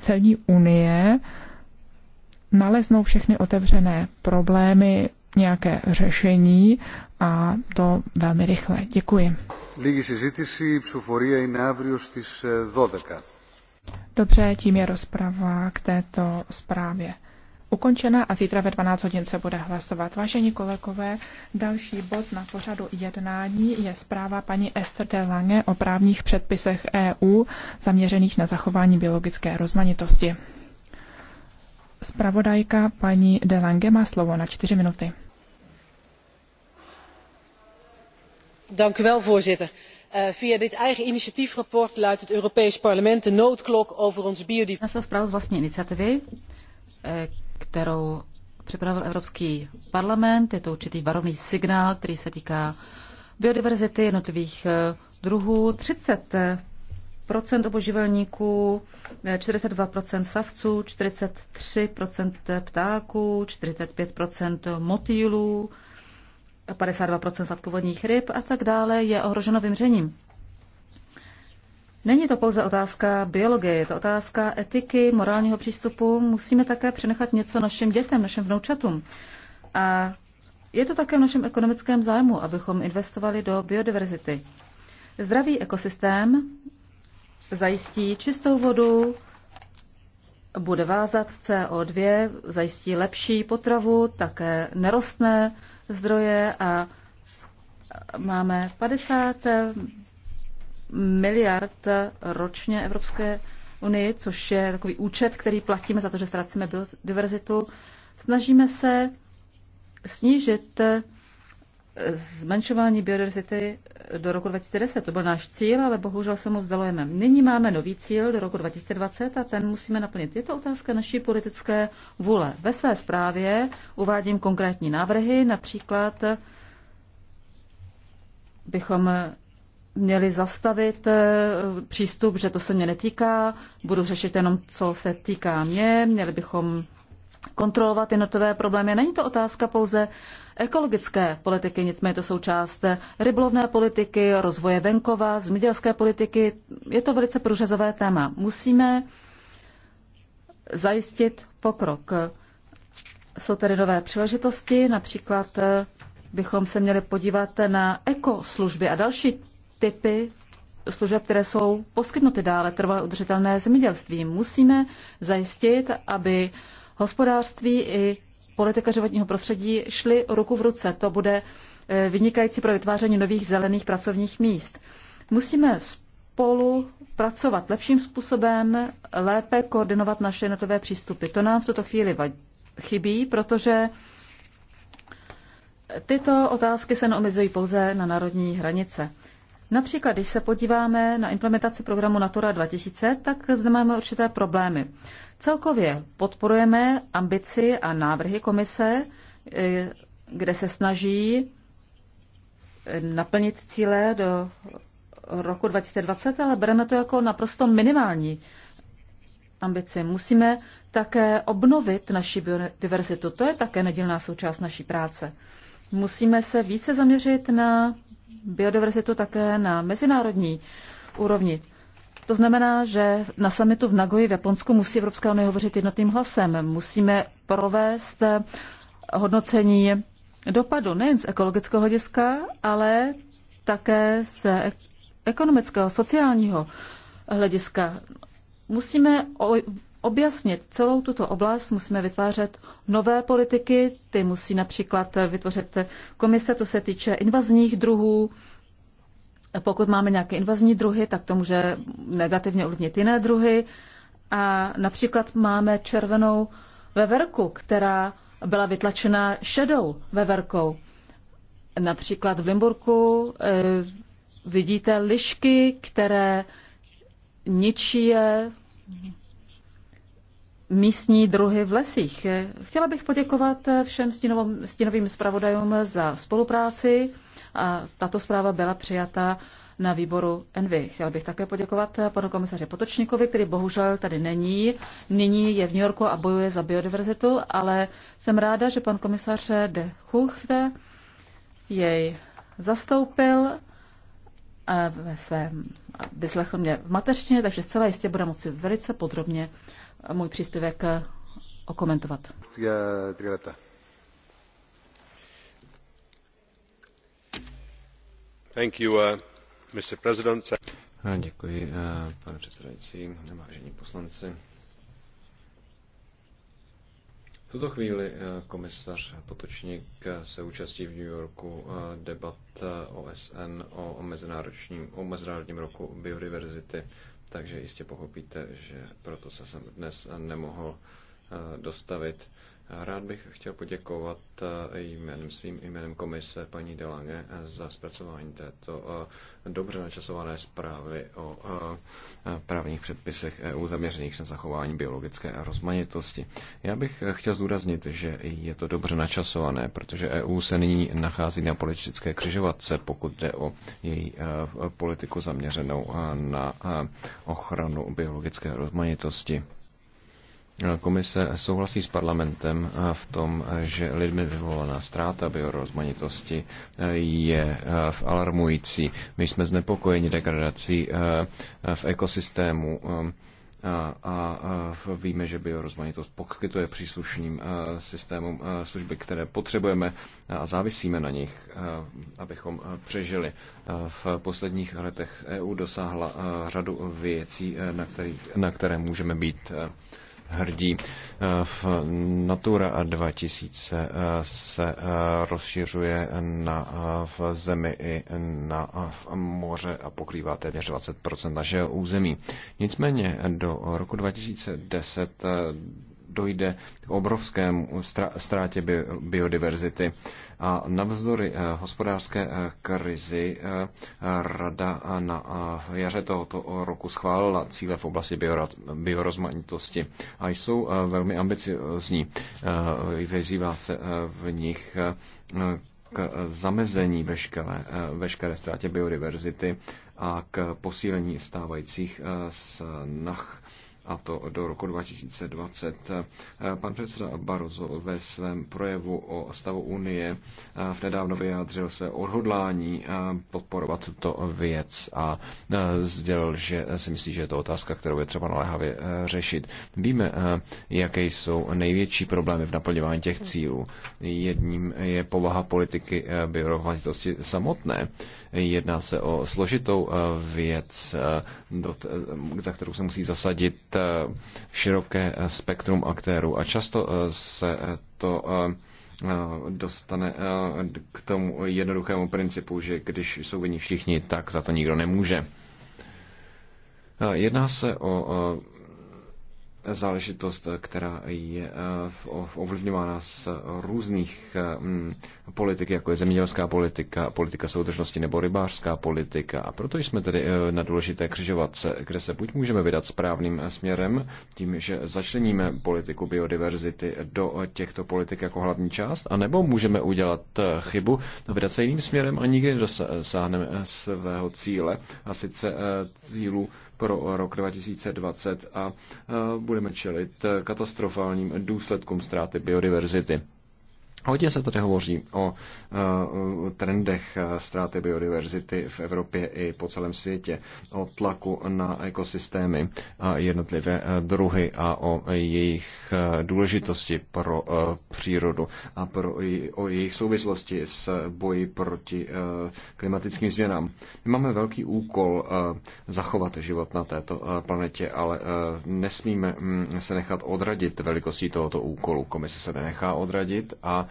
celní unie naleznou všechny otevřené problémy, nějaké řešení a to velmi rychle. Děkuji. Dobře, tím je rozprava k této zprávě ukončena a zítra ve 12 hodin se bude hlasovat. Vážení kolegové, další bod na pořadu jednání je zpráva paní Esther de Lange o právních předpisech EU zaměřených na zachování biologické rozmanitosti. Spravodajka paní de Lange má slovo na čtyři minuty. Dank u wel, voorzitter eh, via dit eigen initiatiefverslag luidt het europees parlement de noodklok over ons kterou připravil Evropský parlament. Je to určitý varovný signál, který se týká biodiverzity jednotlivých eh, druhů. 30 eh, procent oboživelníků, 42% eh, savců, 43% ptáků, 45% motýlů, 52% sladkovodních ryb a tak dále je ohroženo vymřením. Není to pouze otázka biologie, je to otázka etiky, morálního přístupu. Musíme také přenechat něco našim dětem, našim vnoučatům. A je to také v našem ekonomickém zájmu, abychom investovali do biodiverzity. Zdravý ekosystém zajistí čistou vodu, bude vázat CO2, zajistí lepší potravu, také nerostné zdroje a máme 50 miliard ročně Evropské unii, což je takový účet, který platíme za to, že ztracíme biodiverzitu. Snažíme se snížit eh, zmenšování biodiverzity do roku 2010. To byl náš cíl, ale bohužel se mu vzdalujeme. Nyní máme nový cíl do roku 2020 a ten musíme naplnit. Je to otázka naší politické vůle. Ve své zprávě uvádím konkrétní návrhy, například bychom měli zastavit eh, přístup, že to se mě netýká, budu řešit jenom, co se týká mě, měli bychom kontrolovat jednotové problémy. Není to otázka pouze ekologické politiky, nicméně to součást rybolovné politiky, rozvoje venkova, zemědělské politiky. Je to velice průřezové téma. Musíme zajistit pokrok. Jsou tady nové příležitosti, například eh, bychom se měli podívat na ekoslužby a další typy služeb, které jsou poskytnuty dále trvalé udržitelné zemědělství. Musíme zajistit, aby hospodářství i politika životního prostředí šly ruku v ruce. To bude eh, vynikající pro vytváření nových zelených pracovních míst. Musíme spolu pracovat lepším způsobem, lépe koordinovat naše jednotlivé přístupy. To nám v tuto chvíli chybí, protože tyto otázky se neomezují pouze na národní hranice. Například, když se podíváme na implementaci programu Natura 2000, tak zde máme určité problémy. Celkově podporujeme ambici a návrhy komise, eh, kde se snaží eh, naplnit cíle do roku 2020, ale bereme to jako naprosto minimální ambici. Musíme také obnovit naši biodiverzitu. To je také nedílná součást naší práce. Musíme se více zaměřit na biodiverzitu také na mezinárodní úrovni. To znamená, že na samitu v Nagoji v Japonsku musí Evropská unie hovořit jednotným hlasem. Musíme provést hodnocení dopadu nejen z ekologického hlediska, ale také z ekonomického, sociálního hlediska. Musíme objasnit celou tuto oblast, musíme vytvářet nové politiky, ty musí například vytvořit komise, co se týče invazních druhů. Pokud máme nějaké invazní druhy, tak to může negativně ovlivnit jiné druhy. A například máme červenou veverku, která byla vytlačena šedou veverkou. Například v Limburku eh, vidíte lišky, které ničí je, místní druhy v lesích. Chtěla bych poděkovat všem stínovým, stínovým zpravodajům za spolupráci a tato zpráva byla přijata na výboru Envy. Chtěla bych také poděkovat panu komisaři Potočníkovi, který bohužel tady není. Nyní je v New Yorku a bojuje za biodiverzitu, ale jsem ráda, že pan komisař de Chuchte jej zastoupil eh, ve svém, vyslechl mě v mateřštině, takže zcela jistě bude moci velice podrobně můj příspěvek eh, okomentovat. Tři Thank you, uh, Mr. President. Děkuji, eh, pane předsedající, vážení poslanci. V tuto chvíli komisař Potočník se účastí v New Yorku debat OSN o mezinárodním, o mezinárodním roku biodiverzity takže jistě pochopíte, že proto se jsem dnes nemohl eh, dostavit. Rád bych chtěl poděkovat eh, jménem svým jménem komise paní Delange eh, za zpracování této eh, dobře načasované zprávy o právních předpisech EU zaměřených na zachování biologické rozmanitosti. Já bych chtěl zdůraznit, že je to dobře načasované, protože EU se nyní nachází na politické křižovatce, pokud jde o její politiku zaměřenou na ochranu biologické rozmanitosti. Komise souhlasí s parlamentem v tom, že lidmi vyvolaná ztráta biorozmanitosti eh, je eh, alarmující. My jsme znepokojeni degradací eh, v ekosystému a, víme, že biorozmanitost poskytuje příslušným systémům služby, které potřebujeme a závisíme na nich, abychom přežili. V posledních letech EU dosáhla řadu věcí, na které můžeme být hrdí. V Natura 2000 se rozšiřuje na v zemi i na v moře a pokrývá téměř 20 našeho území. Nicméně do roku 2010 dojde k obrovskému ztrátě biodiverzity. A navzdory eh, hospodářské eh, krizi eh, Rada na jaře tohoto roku schválila cíle v oblasti biorozmanitosti a jsou velmi ambiciozní. Vyzývá se v nich k zamezení veškeré, veškeré ztrátě biodiverzity a k posílení stávajících snah a to do roku 2020. Pan předseda Barroso ve svém projevu o stavu Unie eh, v nedávno vyjádřil své odhodlání eh, podporovat tuto věc a eh, sdělil, že si myslí, že je to otázka, kterou je třeba naléhavě řešit. Víme, jaké jsou největší problémy v naplňování těch cílů. Jedním je povaha politiky biorovnatitosti samotné. Jedná se o složitou věc, za kterou se musí zasadit Eh, široké eh, spektrum aktérů a často eh, se to dostane k tomu jednoduchému principu, že když jsou vyní všichni, tak za to nikdo nemůže. Jedná se o záležitost, která je eh, ovlivňována z různých eh, mm, politik, jako je zemědělská politika, politika soudržnosti nebo rybářská politika. A proto jsme tedy eh, na důležité křižovatce, kde se buď můžeme vydat správným směrem, tím, že začleníme politiku biodiverzity do těchto politik jako hlavní část, anebo můžeme udělat chybu, vydat se jiným směrem a nikdy nedosáhneme svého cíle, a sice cílu pro rok 2020 a eh, budeme čelit eh, katastrofálním důsledkům ztráty biodiverzity. Hodně se tady hovoří o trendech eh, ztráty biodiverzity v Evropě i po celém světě, o tlaku na ekosystémy a jednotlivé eh, druhy a o jejich eh, důležitosti pro přírodu a pro, o jejich souvislosti s boji proti klimatickým změnám. My máme velký úkol zachovat život na této planetě, ale nesmíme mm, se nechat odradit velikostí tohoto úkolu. Komise se nenechá odradit a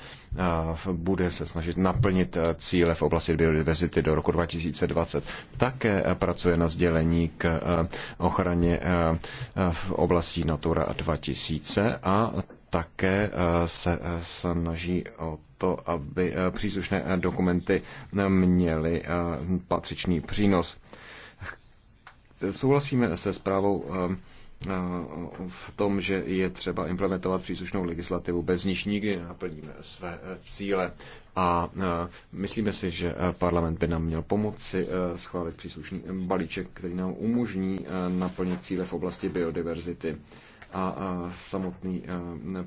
bude se snažit naplnit eh, cíle v oblasti biodiverzity do roku 2020. Také eh, pracuje na sdělení k eh, ochraně v oblasti Natura 2000 a také se snaží o to, aby příslušné dokumenty měly patřičný přínos. Souhlasíme se zprávou Eh, v tom, že je třeba implementovat příslušnou legislativu, bez níž nikdy nenaplníme své eh, cíle. A eh, myslíme si, že parlament by nám měl pomoci schválit příslušný balíček, který nám umožní naplnit cíle v oblasti biodiverzity a samotný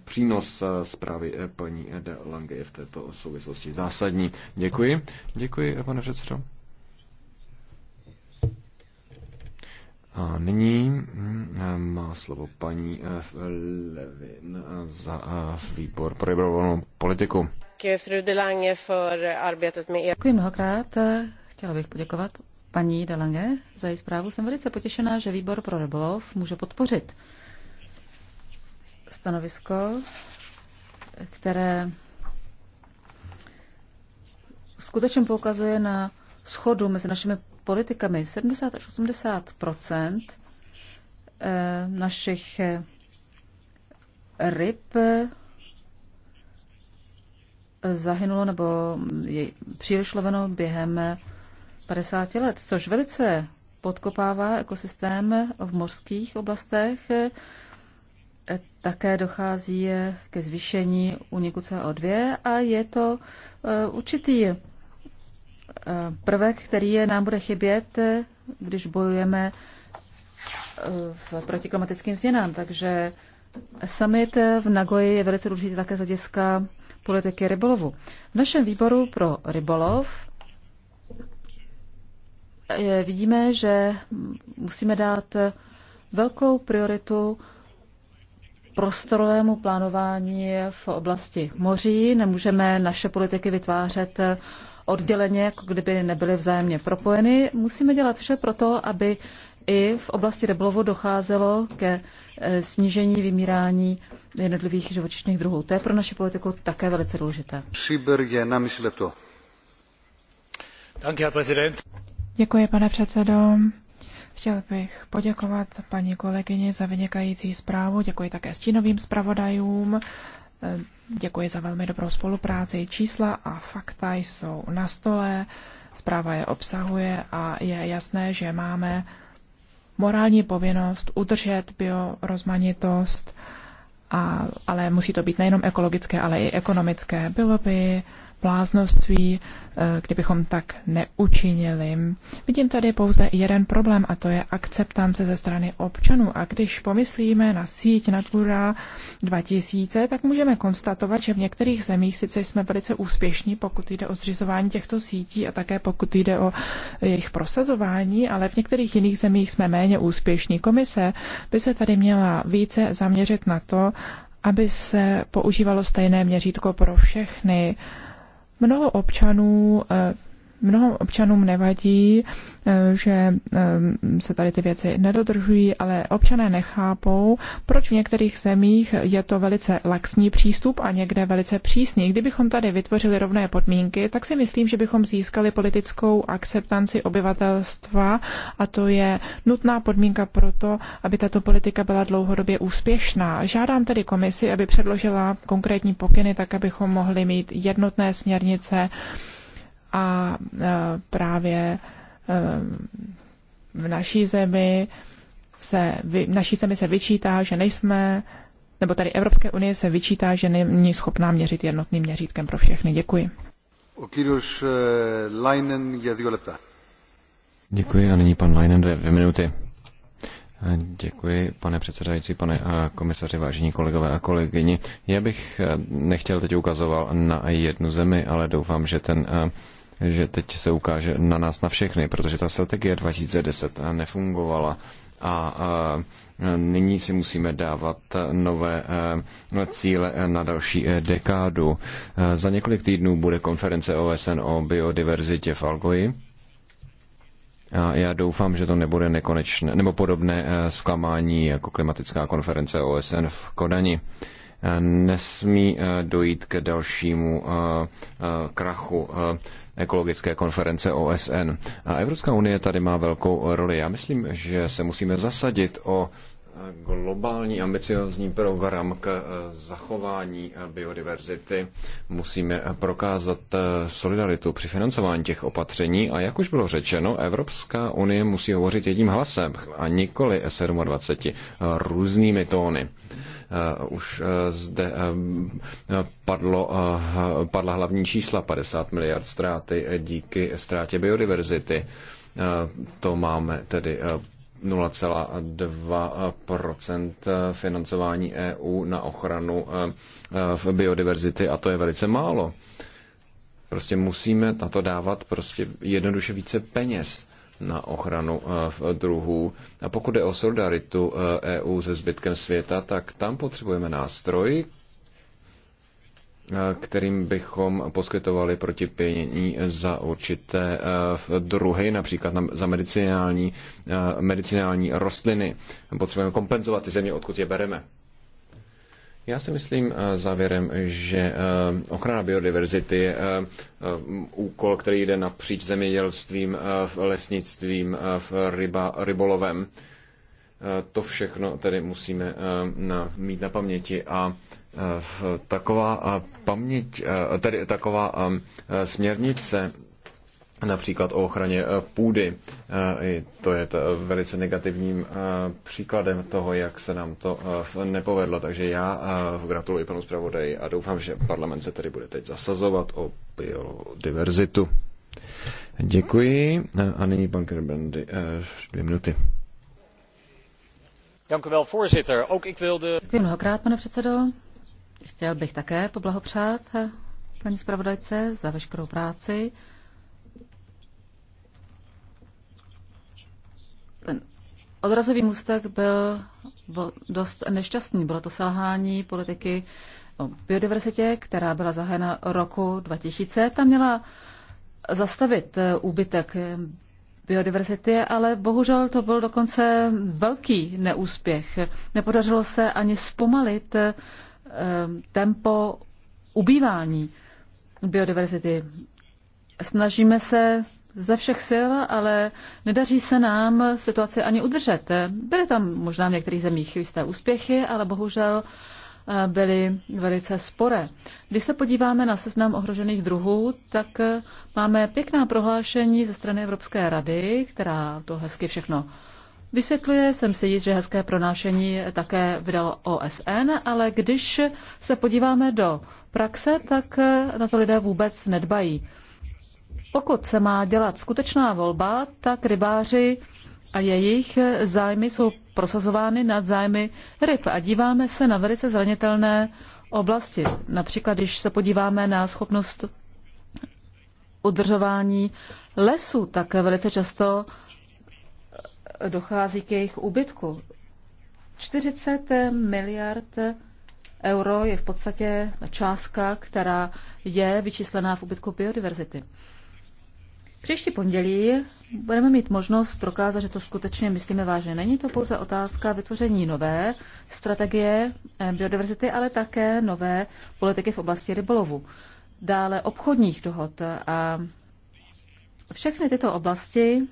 přínos zprávy paní Ede Lange je v této souvislosti zásadní. Děkuji. Děkuji, pane předsedo. A nyní hm, má slovo paní eh, Levin eh, za eh, výbor pro dobrovolnou politiku. Er- Děkuji mnohokrát. Chtěla bych poděkovat paní Delange za její zprávu. Jsem velice potěšená, že výbor pro rybolov může podpořit stanovisko, které skutečně poukazuje na schodu mezi našimi politikami. 70 až 80 eh, našich eh, ryb eh, zahynulo nebo je příliš loveno během 50 let, což velice podkopává ekosystém v mořských oblastech. Také dochází ke zvýšení úniku CO2 a je to určitý Eh, prvek, který je, nám bude chybět, když bojujeme eh, v protiklimatickým změnám. Takže summit v Nagoji je velice důležitý také z hlediska politiky rybolovu. V našem výboru pro rybolov eh, vidíme, že musíme dát velkou prioritu prostorovému plánování v oblasti moří. Nemůžeme naše politiky vytvářet odděleně, jako kdyby nebyly vzájemně propojeny. Musíme dělat vše pro to, aby i v oblasti reblovo docházelo ke e, snížení vymírání jednotlivých živočišných druhů. To je pro naši politiku také velice důležité. Šíber je na mysle to. Děkuji, pane předsedo. Chtěl bych poděkovat paní kolegyni za vynikající zprávu. Děkuji také stínovým zpravodajům Děkuji za velmi dobrou spolupráci. Čísla a fakta jsou na stole, zpráva je obsahuje a je jasné, že máme morální povinnost udržet biorozmanitost, a, ale musí to být nejenom ekologické, ale i ekonomické. Bylo by bláznoství, eh, kdybychom tak neučinili. Vidím tady pouze jeden problém a to je akceptance ze strany občanů. A když pomyslíme na síť Natura 2000, tak můžeme konstatovat, že v některých zemích sice jsme velice úspěšní, pokud jde o zřizování těchto sítí a také pokud jde o jejich prosazování, ale v některých jiných zemích jsme méně úspěšní. Komise by se tady měla více zaměřit na to, aby se používalo stejné měřítko pro všechny uh, Mnoho občanů eh, Mnoho občanům nevadí, eh, že eh, se tady ty věci nedodržují, ale občané nechápou, proč v některých zemích je to velice laxní přístup a někde velice přísný. Kdybychom tady vytvořili rovné podmínky, tak si myslím, že bychom získali politickou akceptanci obyvatelstva a to je nutná podmínka pro to, aby tato politika byla dlouhodobě úspěšná. Žádám tedy komisi, aby předložila konkrétní pokyny, tak abychom mohli mít jednotné směrnice, a e, právě e, v naší zemi se, v naší zemi se vyčítá, že nejsme, nebo tady Evropské unie se vyčítá, že není schopná měřit jednotným měřítkem pro všechny. Děkuji. E, děkuji a nyní pan Leinen dvě, dvě minuty. Děkuji, pane předsedající, pane komisaři, vážení kolegové a kolegyni. Já bych nechtěl teď ukazoval na jednu zemi, ale doufám, že ten že teď se ukáže na nás na všechny, protože ta strategie 2010 nefungovala a nyní si musíme dávat nové e, cíle na další e, dekádu. E, za několik týdnů bude konference OSN o biodiverzitě v Algoji. A já doufám, že to nebude nekonečné nebo podobné zklamání jako klimatická konference OSN v Kodani. Nesmí dojít ke dalšímu krachu ekologické konference OSN. A Evropská unie tady má velkou roli. Já myslím, že se musíme zasadit o globální ambiciozní program k eh, zachování eh, biodiverzity. Musíme eh, prokázat solidaritu při financování těch opatření a jak už bylo řečeno, Evropská unie musí hovořit jedním hlasem a nikoli 27 různými tóny. Eh, už eh, zde eh, padlo, padla hlavní čísla 50 miliard ztráty díky ztrátě biodiverzity. To máme tedy 0,2 financování EU na ochranu v biodiverzity a to je velice málo. Prostě musíme na to dávat prostě jednoduše více peněz na ochranu eh, druhů. A pokud je o solidaritu EU eh, e se zbytkem světa, tak tam potřebujeme nástroj, eh, kterým bychom poskytovali protipění za určité druhy, například za medicinální, medicinální rostliny. Potřebujeme kompenzovat ty země, odkud je bereme. Já si myslím eh, závěrem, že eh, ochrana biodiverzity je eh, úkol, který jde napříč zemědělstvím, lesnictvím, ryba, rybolovem. To všechno tedy musíme mít na paměti a taková paměť, tedy taková směrnice například o ochraně eh, půdy. Eh, to je to velice negativním eh, příkladem toho, jak se nám to nepovedlo. Takže já gratuluji panu zpravodaji a doufám, že parlament se tedy bude teď zasazovat o biodiverzitu. Děkuji. A nyní pan Kerbendy, dvě minuty. Děkuji mnohokrát, pane předsedo. Chtěl bych také poblahopřát paní zpravodajce za veškerou práci. odrazový můstek byl dost nešťastný. Bylo to selhání politiky o biodiverzitě, která byla zahájena roku 2000. Ta měla zastavit eh, úbytek eh, biodiverzity, ale bohužel to byl dokonce velký neúspěch. Nepodařilo se ani zpomalit eh, tempo ubývání biodiverzity. Snažíme se ze všech sil, ale nedaří se nám situaci ani udržet. Byly tam možná v některých zemích jisté úspěchy, ale bohužel eh, byly velice sporé. Když se podíváme na seznam ohrožených druhů, tak eh, máme pěkná prohlášení ze strany Evropské rady, která to hezky všechno Vysvětluje, jsem si jist, že hezké pronášení také vydalo OSN, ale když se podíváme do praxe, tak eh, na to lidé vůbec nedbají. Pokud se má dělat skutečná volba, tak rybáři a jejich zájmy jsou prosazovány nad zájmy ryb. A díváme se na velice zranitelné oblasti. Například, když se podíváme na schopnost udržování lesů, tak velice často dochází k jejich úbytku. 40 miliard euro je v podstatě částka, která je vyčíslená v úbytku biodiverzity. Příští pondělí budeme mít možnost prokázat, že to skutečně myslíme vážně. Není to pouze otázka vytvoření nové strategie eh, biodiverzity, ale také nové politiky v oblasti rybolovu. Dále obchodních dohod a všechny tyto oblasti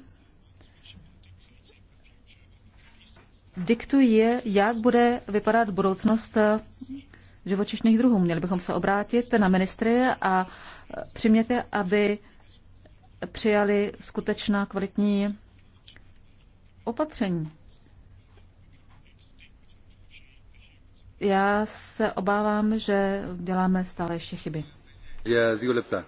diktují, jak bude vypadat budoucnost živočišných druhů. Měli bychom se obrátit na ministry a eh, přimět je, aby přijali skutečná kvalitní opatření. Já se obávám, že děláme stále ještě chyby. Je dvě lepta.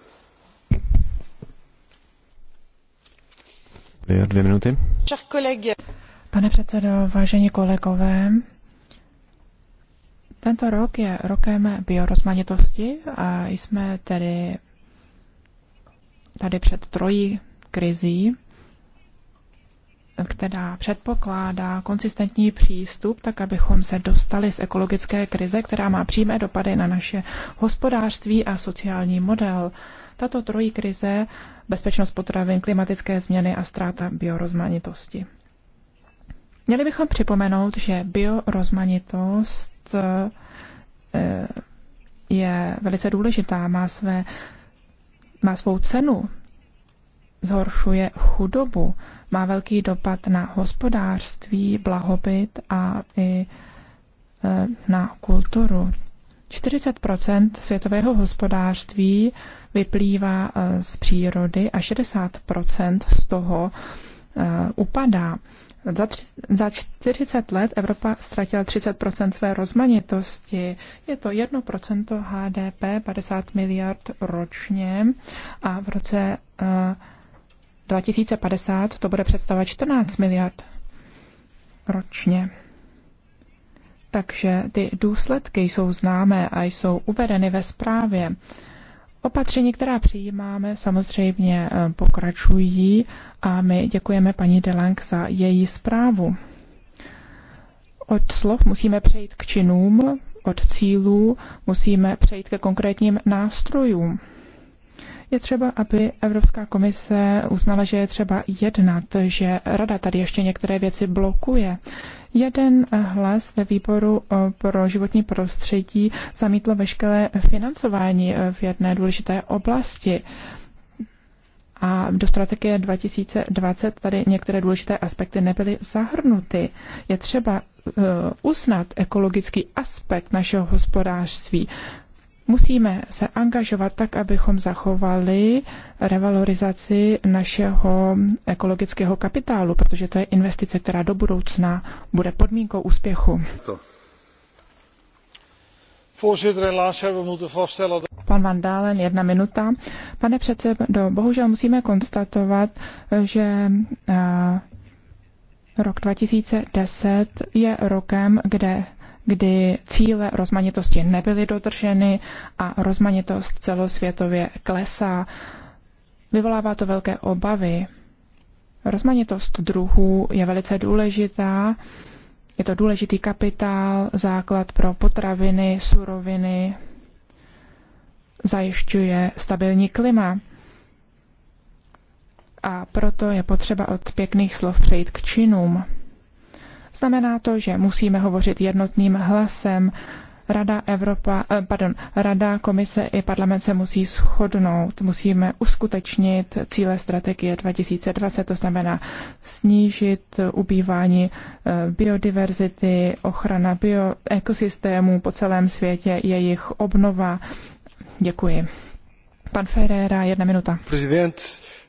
Dvě minuty. Pane předsedo, vážení kolegové, tento rok je rokem biorozmanitosti a jsme tedy tady před trojí krizí, která předpokládá konsistentní přístup, tak abychom se dostali z ekologické krize, která má přímé dopady na naše hospodářství a sociální model. Tato trojí krize, bezpečnost potravin, klimatické změny a ztráta biorozmanitosti. Měli bychom připomenout, že biorozmanitost eh, je velice důležitá, má své má svou cenu, zhoršuje chudobu, má velký dopad na hospodářství, blahobyt a i e, na kulturu. 40 světového hospodářství vyplývá e, z přírody a 60 z toho e, upadá. Za, tři, za 40 let Evropa ztratila 30 své rozmanitosti. Je to 1 HDP, 50 miliard ročně a v roce uh, eh, 2050 to bude představovat 14 miliard ročně. Takže ty důsledky jsou známé a jsou uvedeny ve zprávě. Uh, Opatření, která přijímáme, samozřejmě eh, pokračují a my děkujeme paní Delang za její zprávu. Od slov musíme přejít k činům, od cílů musíme přejít ke konkrétním nástrojům. Je třeba, aby Evropská komise uznala, že je třeba jednat, že Rada tady ještě některé věci blokuje. Jeden eh, hlas ve výboru eh, pro životní prostředí zamítlo veškeré financování eh, v jedné důležité oblasti. A do strategie 2020 tady některé důležité aspekty nebyly zahrnuty. Je třeba uznat ekologický aspekt našeho hospodářství. Musíme se angažovat tak, abychom zachovali revalorizaci našeho ekologického kapitálu, protože to je investice, která do budoucna bude podmínkou úspěchu. Pan Van Dalen, jedna minuta. Pane předsedo, bohužel musíme konstatovat, že eh, Rok 2010 je rokem, kde kdy cíle rozmanitosti nebyly dodrženy a rozmanitost celosvětově klesá. Vyvolává to velké obavy. Rozmanitost druhů je velice důležitá. Je to důležitý kapitál, základ pro potraviny, suroviny, zajišťuje stabilní klima. A proto je potřeba od pěkných slov přejít k činům. Znamená to, že musíme hovořit jednotným hlasem. Rada, Evropa, eh, pardon, Rada, Komise i parlament se musí shodnout. Musíme uskutečnit cíle strategie 2020, to znamená snížit ubývání eh, biodiverzity, ochrana bioekosystémů po celém světě, jejich obnova. Děkuji. Pan Ferreira, jedna minuta. Prezident,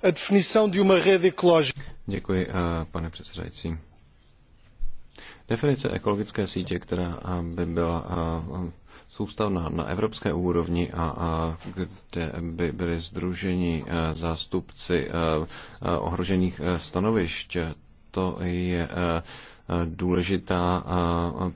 definição de uma rede ecológica. Děkuji, eh, pane předsedající. Definice ekologické sítě, která by byla soustavná na evropské úrovni a, kde by byly združeni zástupci ohrožených e, stanovišť, to je e, důležitá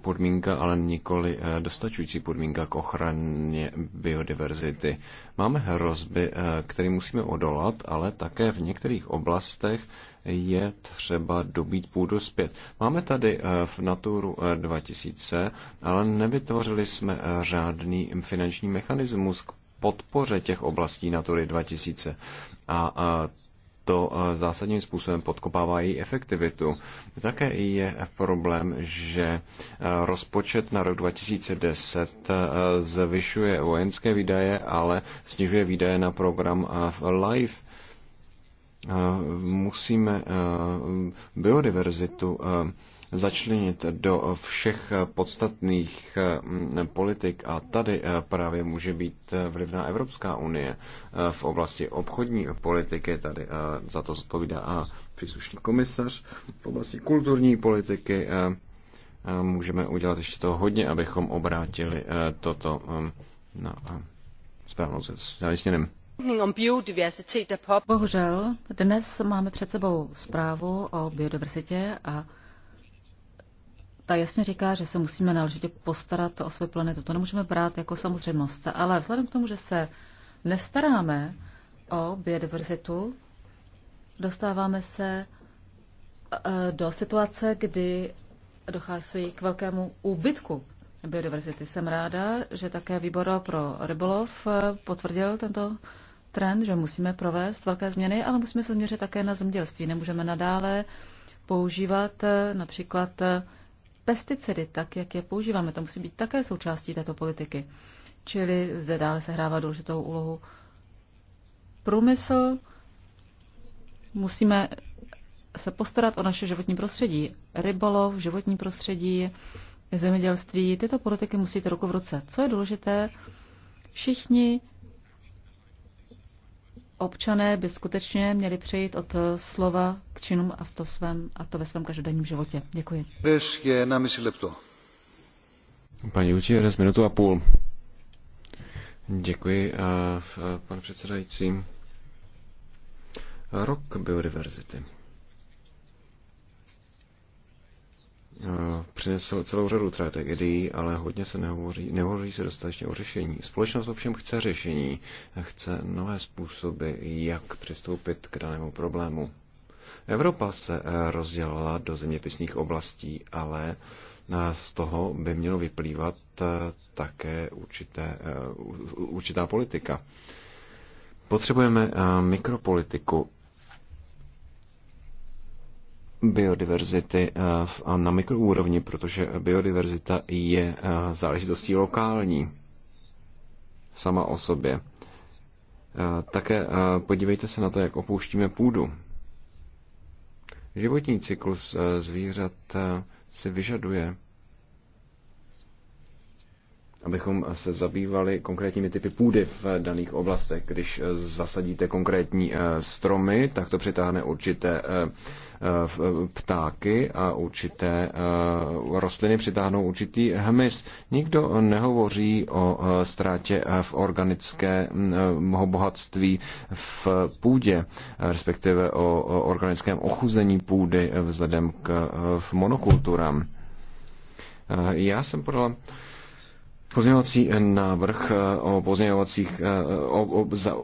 podmínka, ale nikoli e, dostačující podmínka k ochraně biodiverzity. Máme hrozby, které musíme odolat, ale také v některých oblastech je třeba dobít půdu zpět. Máme tady eh, v Naturu 2000, eh, ale nevytvořili jsme řádný eh, finanční mechanismus k podpoře těch oblastí Natury 2000. A to zásadním způsobem podkopává její efektivitu. Také je problém, že rozpočet na rok 2010 zvyšuje vojenské výdaje, ale snižuje výdaje na program LIFE Eh, musíme eh, biodiverzitu eh, začlenit do všech podstatných politik a tady právě může být vlivná Evropská unie v oblasti obchodní politiky, tady za to zodpovídá a příslušný komisař v oblasti kulturní politiky. Můžeme udělat ještě toho hodně, abychom obrátili toto na správnou se Er Bohužel, dnes máme před sebou zprávu o biodiverzitě a ta jasně říká, že se musíme náležitě postarat o svou planetu. To nemůžeme brát jako samozřejmost. Ale vzhledem k tomu, že se nestaráme o biodiverzitu, dostáváme se e, do situace, kdy dochází k velkému úbytku biodiverzity. Jsem ráda, že také výbor pro rybolov e, potvrdil tento trend, že musíme provést velké změny, ale musíme se změřit také na zemědělství. Nemůžeme nadále používat eh, například eh, pesticidy, tak jak je používáme. To musí být také součástí této politiky. Čili zde dále se hrává důležitou úlohu průmysl. Musíme se postarat o naše životní prostředí. Rybolov, životní prostředí, zemědělství, tyto politiky musíte ruku v ruce. Co je důležité, všichni občané by skutečně měli přejít od slova k činům a, v to svém, a to ve svém každodenním životě. Děkuji. Paní Uti, minutu a půl. Děkuji, pane předsedající. Rok biodiverzity. přinesl celou řadu tragédií, ale hodně se nehovoří, nehovoří se dostatečně o řešení. Společnost ovšem chce řešení, chce nové způsoby, jak přistoupit k danému problému. Evropa se eh, rozdělala do zeměpisných oblastí, ale eh, z toho by mělo vyplývat eh, také určité, určitá politika. Potřebujeme mikropolitiku biodiverzity eh, a na mikroúrovni, protože biodiverzita je eh, záležitostí lokální sama o sobě. Eh, také podívejte se na to, jak opouštíme půdu. Životní cyklus zvířat si vyžaduje abychom se zabývali konkrétními typy půdy v daných oblastech. Když zasadíte konkrétní eh, stromy, tak to přitáhne určité eh, eh, ptáky a určité rostliny přitáhnou určitý hmyz. Nikdo nehovoří o ztrátě v organické mm, bohatství v půdě, respektive o organickém ochuzení půdy vzhledem k monokulturám. Já jsem podala Pozměňovací eh, návrh eh, o pozměňovacích eh, o, o, za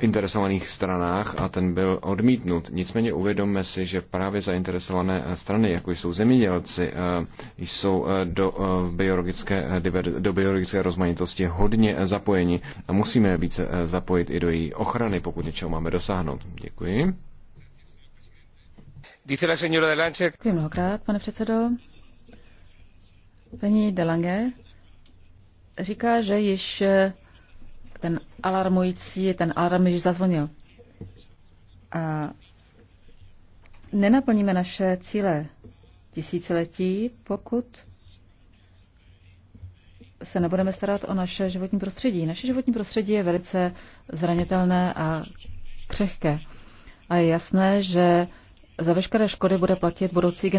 interesovaných stranách a ten byl odmítnut. Nicméně uvědomme si, že právě zainteresované strany, jako jsou zemědělci, jsou do biologické, do biologické rozmanitosti hodně zapojeni a musíme je více zapojit i do její ochrany, pokud něčeho máme dosáhnout. Děkuji. Děkuji mnohokrát, pane předsedo. Paní Delange říká, že již eh, ten alarmující, ten alarm již zazvonil. A nenaplníme naše cíle tisíciletí, pokud se nebudeme starat o naše životní prostředí. Naše životní prostředí je velice zranitelné a křehké. A je jasné, že za veškeré škody bude platit budoucí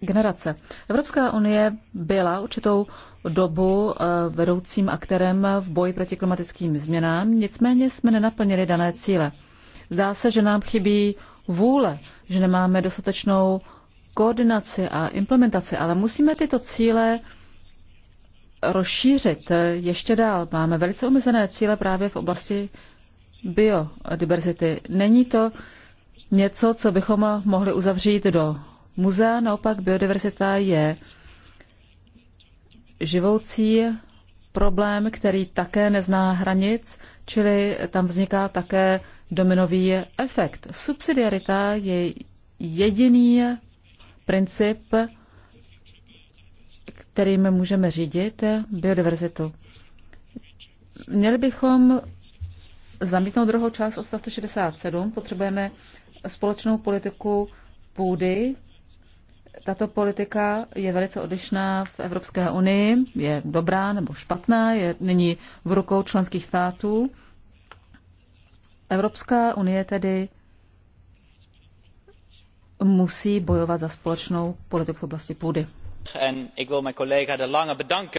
generace. Evropská unie byla určitou dobu eh, vedoucím aktérem v boji proti klimatickým změnám, nicméně jsme nenaplnili dané cíle. Zdá se, že nám chybí vůle, že nemáme dostatečnou koordinaci a implementaci, ale musíme tyto cíle rozšířit eh, ještě dál. Máme velice omezené cíle právě v oblasti biodiverzity. Není to něco, co bychom mohli uzavřít do muzea. Naopak biodiverzita je živoucí problém, který také nezná hranic, čili tam vzniká také dominový efekt. Subsidiarita je jediný princip, kterým můžeme řídit biodiverzitu. Měli bychom zamítnout druhou část odstavce 67. Potřebujeme společnou politiku půdy. Tato politika je velice odlišná v Evropské unii, je dobrá nebo špatná, je nyní v rukou členských států. Evropská unie tedy musí bojovat za společnou politiku v oblasti půdy.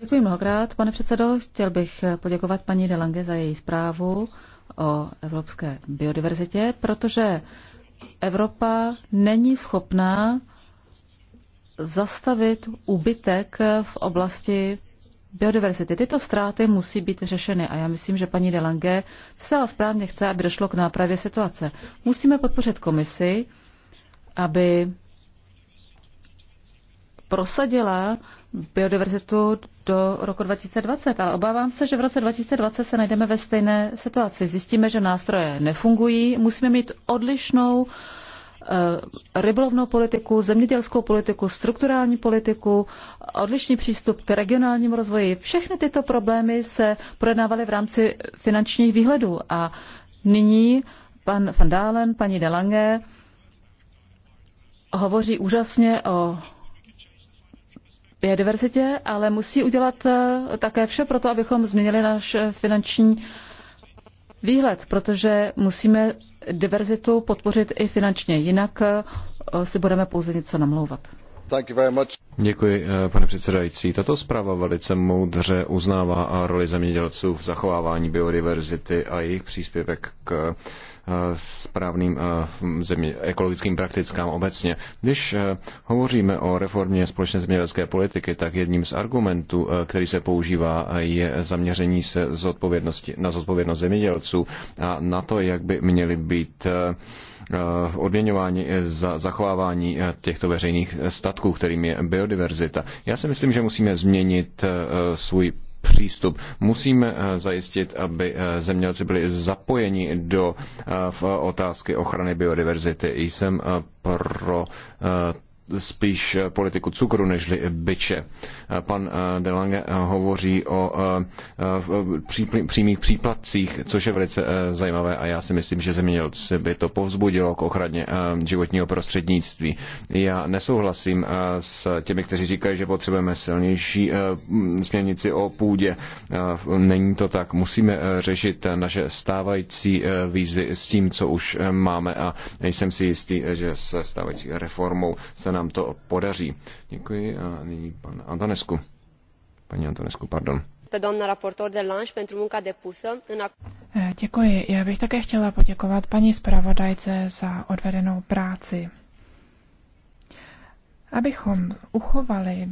Děkuji mnohokrát, pane předsedo. Chtěl bych poděkovat paní De Lange za její zprávu o evropské biodiverzitě, protože Evropa není schopná zastavit úbytek v oblasti biodiverzity. Tyto ztráty musí být řešeny a já myslím, že paní Delange zcela správně chce, aby došlo k nápravě situace. Musíme podpořit komisi, aby prosadila biodiverzitu do roku 2020. ale obávám se, že v roce 2020 se najdeme ve stejné situaci. Zjistíme, že nástroje nefungují, musíme mít odlišnou eh, rybolovnou politiku, zemědělskou politiku, strukturální politiku, odlišný přístup k regionálnímu rozvoji. Všechny tyto problémy se projednávaly v rámci finančních výhledů a nyní pan Van Dalen, paní Delange hovoří úžasně o biodiverzitě, ale musí udělat eh, také vše pro to, abychom změnili náš eh, finanční výhled, protože musíme diverzitu podpořit i finančně, jinak eh, si budeme pouze něco namlouvat. Děkuji, pane předsedající. Tato zpráva velice moudře uznává roli zemědělců v zachovávání biodiverzity a jejich příspěvek k Eh, správným eh, ekologickým praktickám obecně. Když eh, hovoříme o reformě společné zemědělské politiky, tak jedním z argumentů, který se používá, je zaměření se zodpovědnosti, na zodpovědnost zemědělců a na to, jak by měly být v odměňování za zachovávání těchto veřejných statků, kterým je biodiverzita. Já si myslím, že musíme změnit svůj přístup. Musíme eh, zajistit, aby eh, zemědělci byli zapojeni do eh, otázky ochrany biodiverzity. Jsem pro spíš politiku cukru nežli byče. Pan eh, Delange eh, hovoří o eh, přímých příplatcích, což je velice zajímavé a já si myslím, že zemědělci by to povzbudilo k ochraně životního prostřednictví. Já nesouhlasím s těmi, kteří říkají, že potřebujeme silnější směrnici o půdě. Není to tak. Musíme řešit naše stávající výzvy s tím, co už máme a nejsem si jistý, že se stávající reformou se nám to podaří. Děkuji a nyní pan Antonescu. Paní Antonescu, pardon. Eh, děkuji. Já bych také chtěla poděkovat paní zpravodajce za odvedenou práci. Abychom uchovali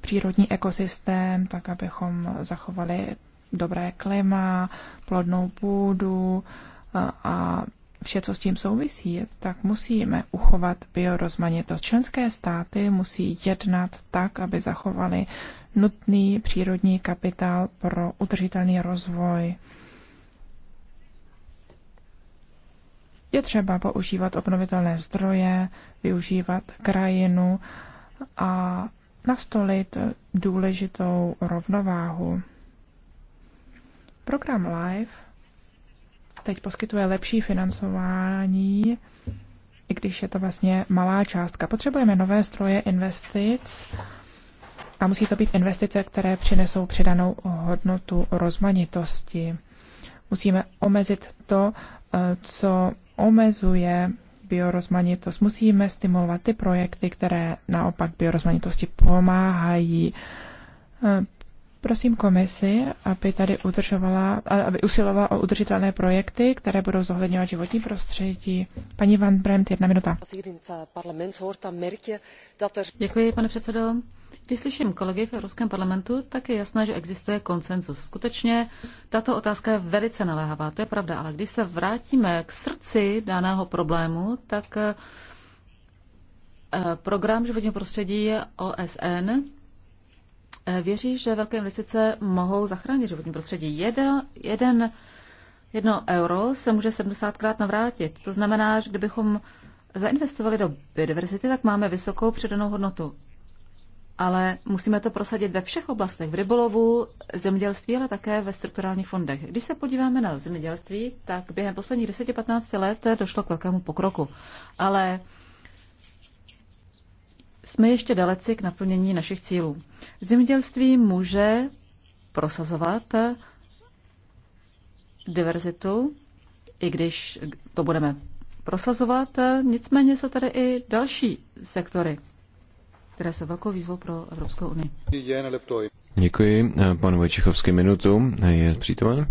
přírodní ekosystém, tak abychom zachovali dobré klima, plodnou půdu eh, a vše, co s tím souvisí, tak musíme uchovat biorozmanitost. Členské státy musí jednat tak, aby zachovali nutný přírodní kapitál pro udržitelný rozvoj. Je třeba používat obnovitelné zdroje, využívat krajinu a nastolit důležitou rovnováhu. Program LIFE teď poskytuje lepší financování, i když je to vlastně malá částka. Potřebujeme nové stroje investic a musí to být investice, které přinesou přidanou hodnotu rozmanitosti. Musíme omezit to, eh, co omezuje biorozmanitost. Musíme stimulovat ty projekty, které naopak biorozmanitosti pomáhají. Eh, Prosím komisi, aby tady udržovala, aby usilovala o udržitelné projekty, které budou zohledňovat životní prostředí. Paní Van Bremt, jedna minuta. Děkuji, pane předsedo. Když slyším kolegy v Evropském parlamentu, tak je jasné, že existuje konsenzus. Skutečně tato otázka je velice naléhavá, to je pravda, ale když se vrátíme k srdci daného problému, tak eh, program životního prostředí OSN věří, že velké investice mohou zachránit životní prostředí. Jeden, jeden, jedno euro se může 70krát navrátit. To znamená, že kdybychom zainvestovali do biodiverzity, tak máme vysokou přidanou hodnotu. Ale musíme to prosadit ve všech oblastech, v rybolovu, zemědělství, ale také ve strukturálních fondech. Když se podíváme na zemědělství, tak během posledních 10-15 let došlo k velkému pokroku. Ale jsme ještě daleci k naplnění našich cílů. Zemědělství může prosazovat diverzitu, i když to budeme prosazovat, nicméně jsou tady i další sektory, které jsou velkou výzvou pro Evropskou unii. Děkuji. Pan Vojčichovský minutu je přítomen.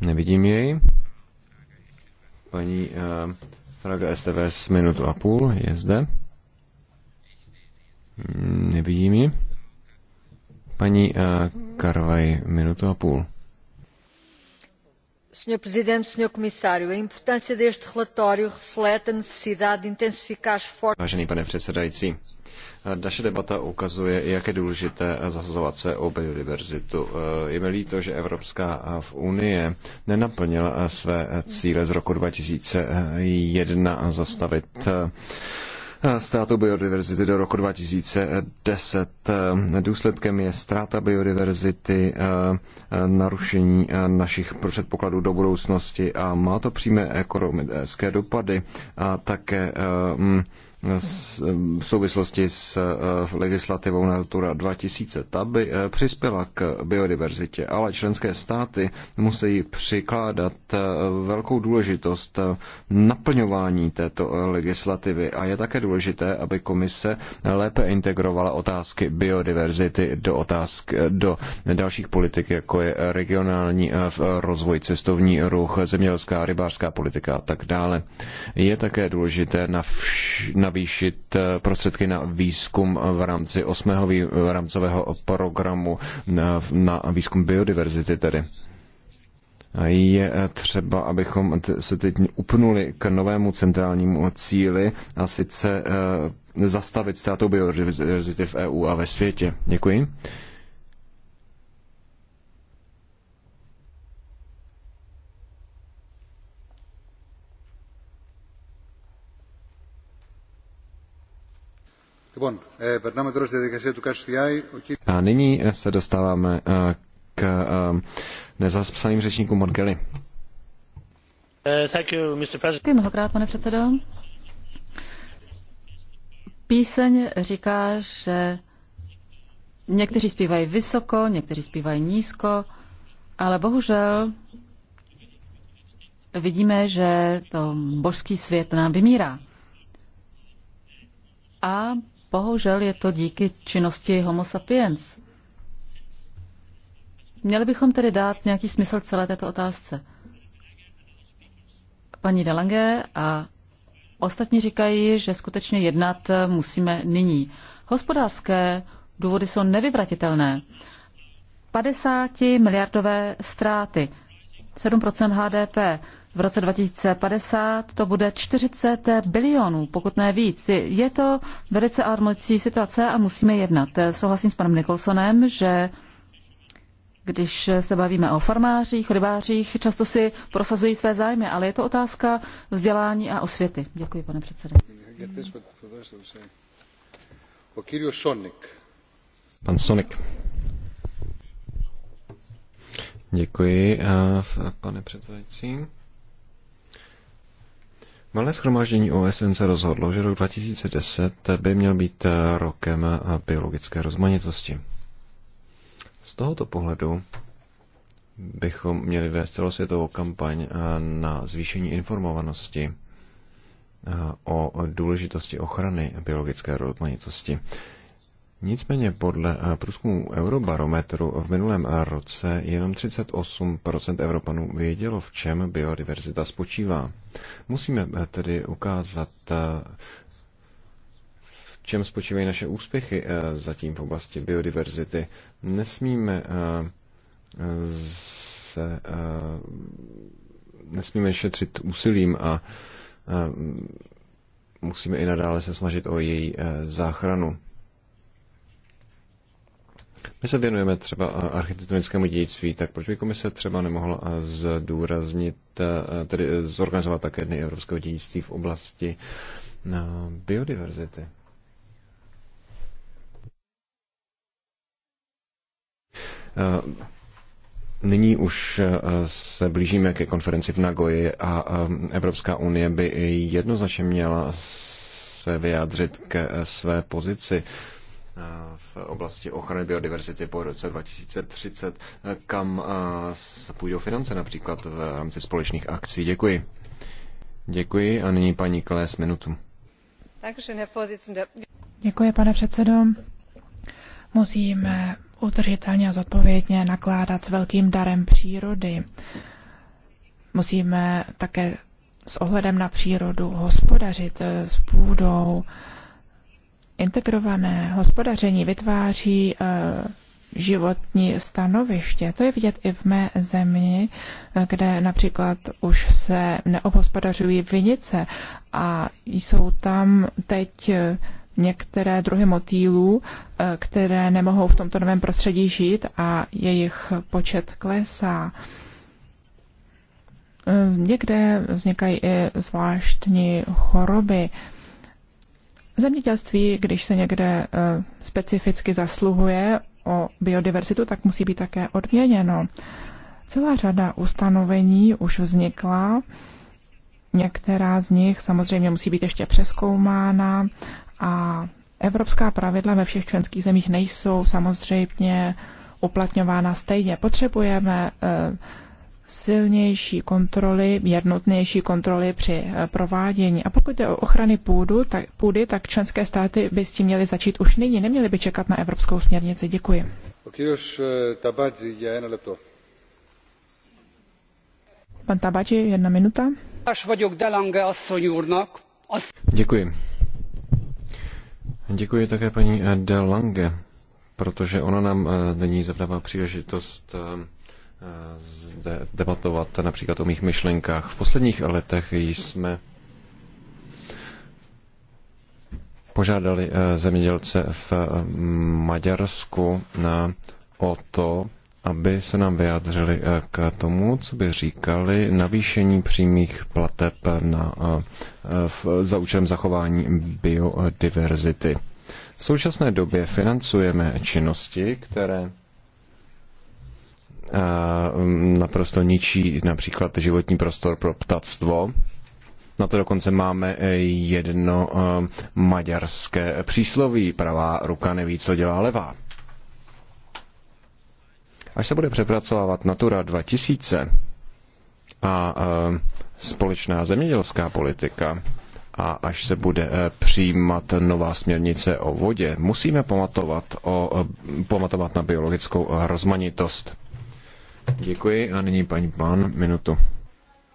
Nevidím jej. Paní uh... Kolega s minutu a půl je zde. Nevidím ji. Paní eh, Karvaj minutu a půl. Senhor Presidente, Senhor Comissário, a importância deste relatório reflete a necessidade de intensificar esforços. Vážený pane předsedající, naše debata ukazuje, jak je důležité zasazovat se o biodiverzitu. Je mi líto, že Evropská unie nenaplnila své cíle z roku 2001 zastavit ztrátou biodiverzity do roku 2010. Důsledkem je ztráta biodiverzity, eh, narušení eh, našich předpokladů do budoucnosti a má to přímé ekonomické dopady a také eh, mm, v souvislosti s eh, legislativou Natura 2000. Ta by eh, přispěla k biodiverzitě, ale členské státy musí přikládat eh, velkou důležitost naplňování této legislativy a je také důležité, aby komise lépe integrovala otázky biodiverzity do otázk do dalších politik, jako je regionální rozvoj, cestovní ruch, zemědělská, rybářská politika a tak dále. Je také důležité na, vš- na navýšit eh, prostředky na výzkum v rámci osmého rámcového programu na výzkum biodiverzity tedy. Je eh, třeba, abychom se teď upnuli k novému centrálnímu cíli a sice eh, zastavit ztrátu biodiverzity v EU a ve světě. Děkuji. A nyní se dostáváme k nezaspsaným řečníkům Morgeli. Eh, Děkuji mnohokrát, pane předsedo. Píseň říká, že někteří zpívají vysoko, někteří zpívají nízko, ale bohužel vidíme, že to božský svět nám vymírá. A Bohužel je to díky činnosti Homo sapiens. Měli bychom tedy dát nějaký smysl celé této otázce. Paní Delange a ostatní říkají, že skutečně jednat musíme nyní. Hospodářské důvody jsou nevyvratitelné. 50 miliardové ztráty, 7 HDP, v roce 2050 to bude 40 bilionů, pokud ne víc. Je to velice alarmující situace a musíme jednat. Souhlasím s panem Nicholsonem, že když se bavíme o farmářích, rybářích, často si prosazují své zájmy, ale je to otázka vzdělání a osvěty. Děkuji, pane předsedo. Pan Sonik. Děkuji, eh, pane předsedající. Malé schromáždění OSN se rozhodlo, že rok 2010 by měl být eh, rokem eh, biologické rozmanitosti. Z tohoto pohledu bychom měli vést celosvětovou kampaň eh, na zvýšení informovanosti o důležitosti ochrany biologické rozmanitosti. Nicméně podle eh, průzkumu Eurobarometru v minulém roce jenom 38% Evropanů vědělo, v čem biodiverzita spočívá. Musíme eh, tedy ukázat, eh, v čem spočívají naše úspěchy zatím v oblasti biodiverzity. Nesmíme se nesmíme šetřit úsilím a musíme i nadále se snažit o její záchranu. My se věnujeme třeba architektonickému dědictví, tak proč by komise třeba nemohla zdůraznit, eh, tedy eh, zorganizovat také dny evropského dědictví v oblasti eh, biodiverzity? Nyní už se blížíme ke konferenci v Nagoji a Evropská unie by jednoznačně měla se vyjádřit ke své pozici v oblasti ochrany biodiverzity po roce 2030, kam eh, půjdou finance například v rámci společných akcí. Děkuji. Děkuji a nyní paní Klés minutu. Děkuji, pane předsedo. Musíme udržitelně a zodpovědně nakládat s velkým darem přírody. Musíme také s ohledem na přírodu hospodařit s půdou, integrované hospodaření vytváří eh, životní stanoviště. To je vidět i v mé zemi, eh, kde například už se neobhospodařují vinice a jsou tam teď eh, některé druhy motýlů, které nemohou v tomto novém prostředí žít a jejich počet klesá. Někde vznikají i zvláštní choroby. Zemědělství, když se někde eh, specificky zasluhuje o biodiverzitu, tak musí být také odměněno. Celá řada ustanovení už vznikla. Některá z nich samozřejmě musí být ještě přeskoumána a evropská pravidla ve všech členských zemích nejsou samozřejmě uplatňována stejně. Potřebujeme eh, silnější kontroly, jednotnější kontroly při eh, provádění. A pokud je o ochrany půdu, tak, půdy, tak členské státy by s tím měly začít už nyní, neměly by čekat na evropskou směrnici. Děkuji. Eh, Pan Tabadži, jedna minuta. Děkuji. Děkuji také paní De Lange, protože ona nám eh, nyní zavdává příležitost zde debatovat například o mých myšlenkách. V posledních letech jsme požádali eh, zemědělce v eh, Maďarsku eh, o to, aby se nám vyjádřili k tomu, co by říkali navýšení přímých plateb na, v, za účelem zachování biodiverzity. V současné době financujeme činnosti, které Eh, naprosto ničí například životní prostor pro ptactvo. Na to dokonce máme jedno eh, maďarské přísloví. Pravá ruka neví, co dělá levá. Až se bude přepracovávat Natura 2000 a eh, společná zemědělská politika, a až se bude přijímat nová směrnice o vodě, musíme pamatovat, o, pamatovat na biologickou rozmanitost. Děkuji a nyní paní Pán minutu.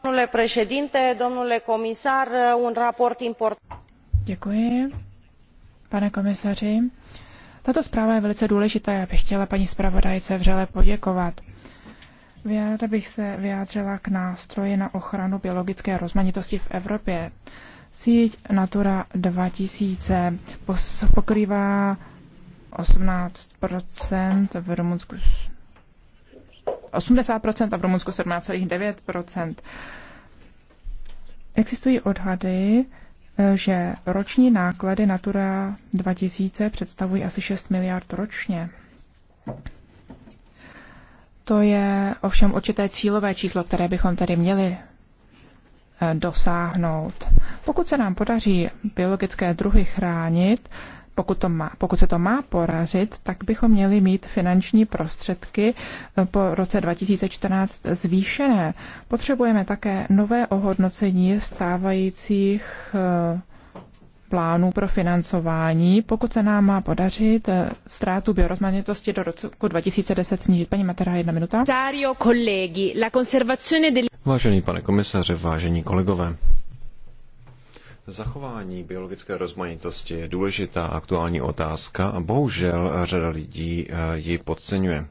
Domnule președinte, domnule comisar, un raport important. Děkuji, pane komisaři. Tato zpráva je velice důležitá. Já bych chtěla paní zpravodajce vřele poděkovat. Ráda bych se vyjádřila k nástroji na ochranu biologické rozmanitosti v Evropě. Síť Natura 2000 pokrývá 18 v Rumunsku 80% a v Rumunsku 17,9%. Existují odhady, že roční náklady Natura 2000 představují asi 6 miliard ročně. To je ovšem určité cílové číslo, které bychom tady měli eh, dosáhnout. Pokud se nám podaří biologické druhy chránit, pokud, to má, pokud se to má poražit, tak bychom měli mít finanční prostředky eh, po roce 2014 zvýšené. Potřebujeme také nové ohodnocení stávajících eh, plánů pro financování, pokud se nám má podařit eh, ztrátu biorozmanitosti do roku 2010 snížit. Paní Matera, jedna minuta. Vážený pane komisaře, vážení kolegové, Zachování biologické rozmanitosti je důležitá aktuální otázka a bohužel řada lidí eh, ji podceňuje.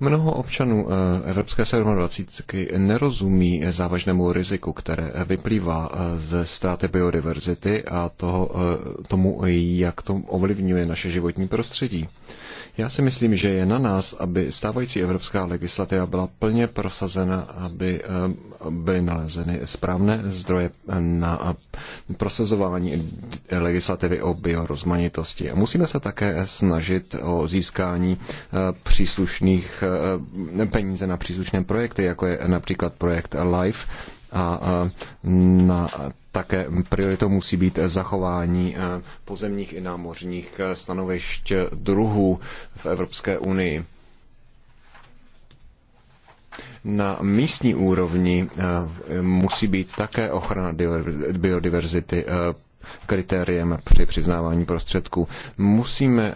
Mnoho občanů eh, Evropské 27 nerozumí závažnému riziku, které eh, vyplývá eh, ze ztráty biodiverzity a toho, tomu, jak to ovlivňuje naše životní prostředí. Já si myslím, že je na nás, aby stávající evropská legislativa byla plně prosazena, aby byly nalezeny správné zdroje na prosazování legislativy o biorozmanitosti. Musíme se také snažit o získání příslušných Eh, peníze na příslušné projekty, jako je například projekt LIFE, a na, také prioritou musí být zachování eh, pozemních i námořních eh, stanovišť druhů v Evropské unii. Na místní úrovni musí být také ochrana biodiverzity kritériem při přiznávání prostředků. Musíme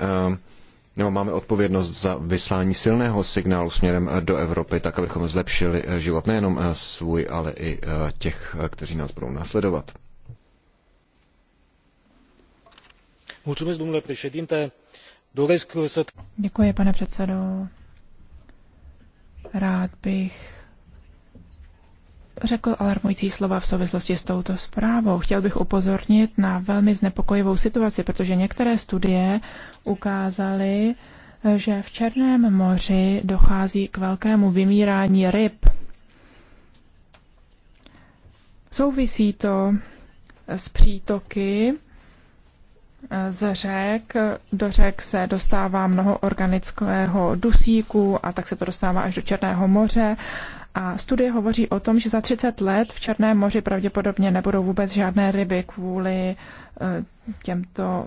nebo máme odpovědnost za vyslání silného signálu směrem eh, do Evropy, tak abychom zlepšili eh, život nejenom eh, svůj, ale i těch, kteří nás budou následovat. Děkuji, pane předsedo. Rád bych řekl alarmující slova v souvislosti s touto zprávou. Chtěl bych upozornit na velmi znepokojivou situaci, protože některé studie ukázaly, že v Černém moři dochází k velkému vymírání ryb. Souvisí to s přítoky z řek. Do řek se dostává mnoho organického dusíku a tak se to dostává až do Černého moře a studie hovoří o tom, že za 30 let v Černém moři pravděpodobně nebudou vůbec žádné ryby kvůli eh, těmto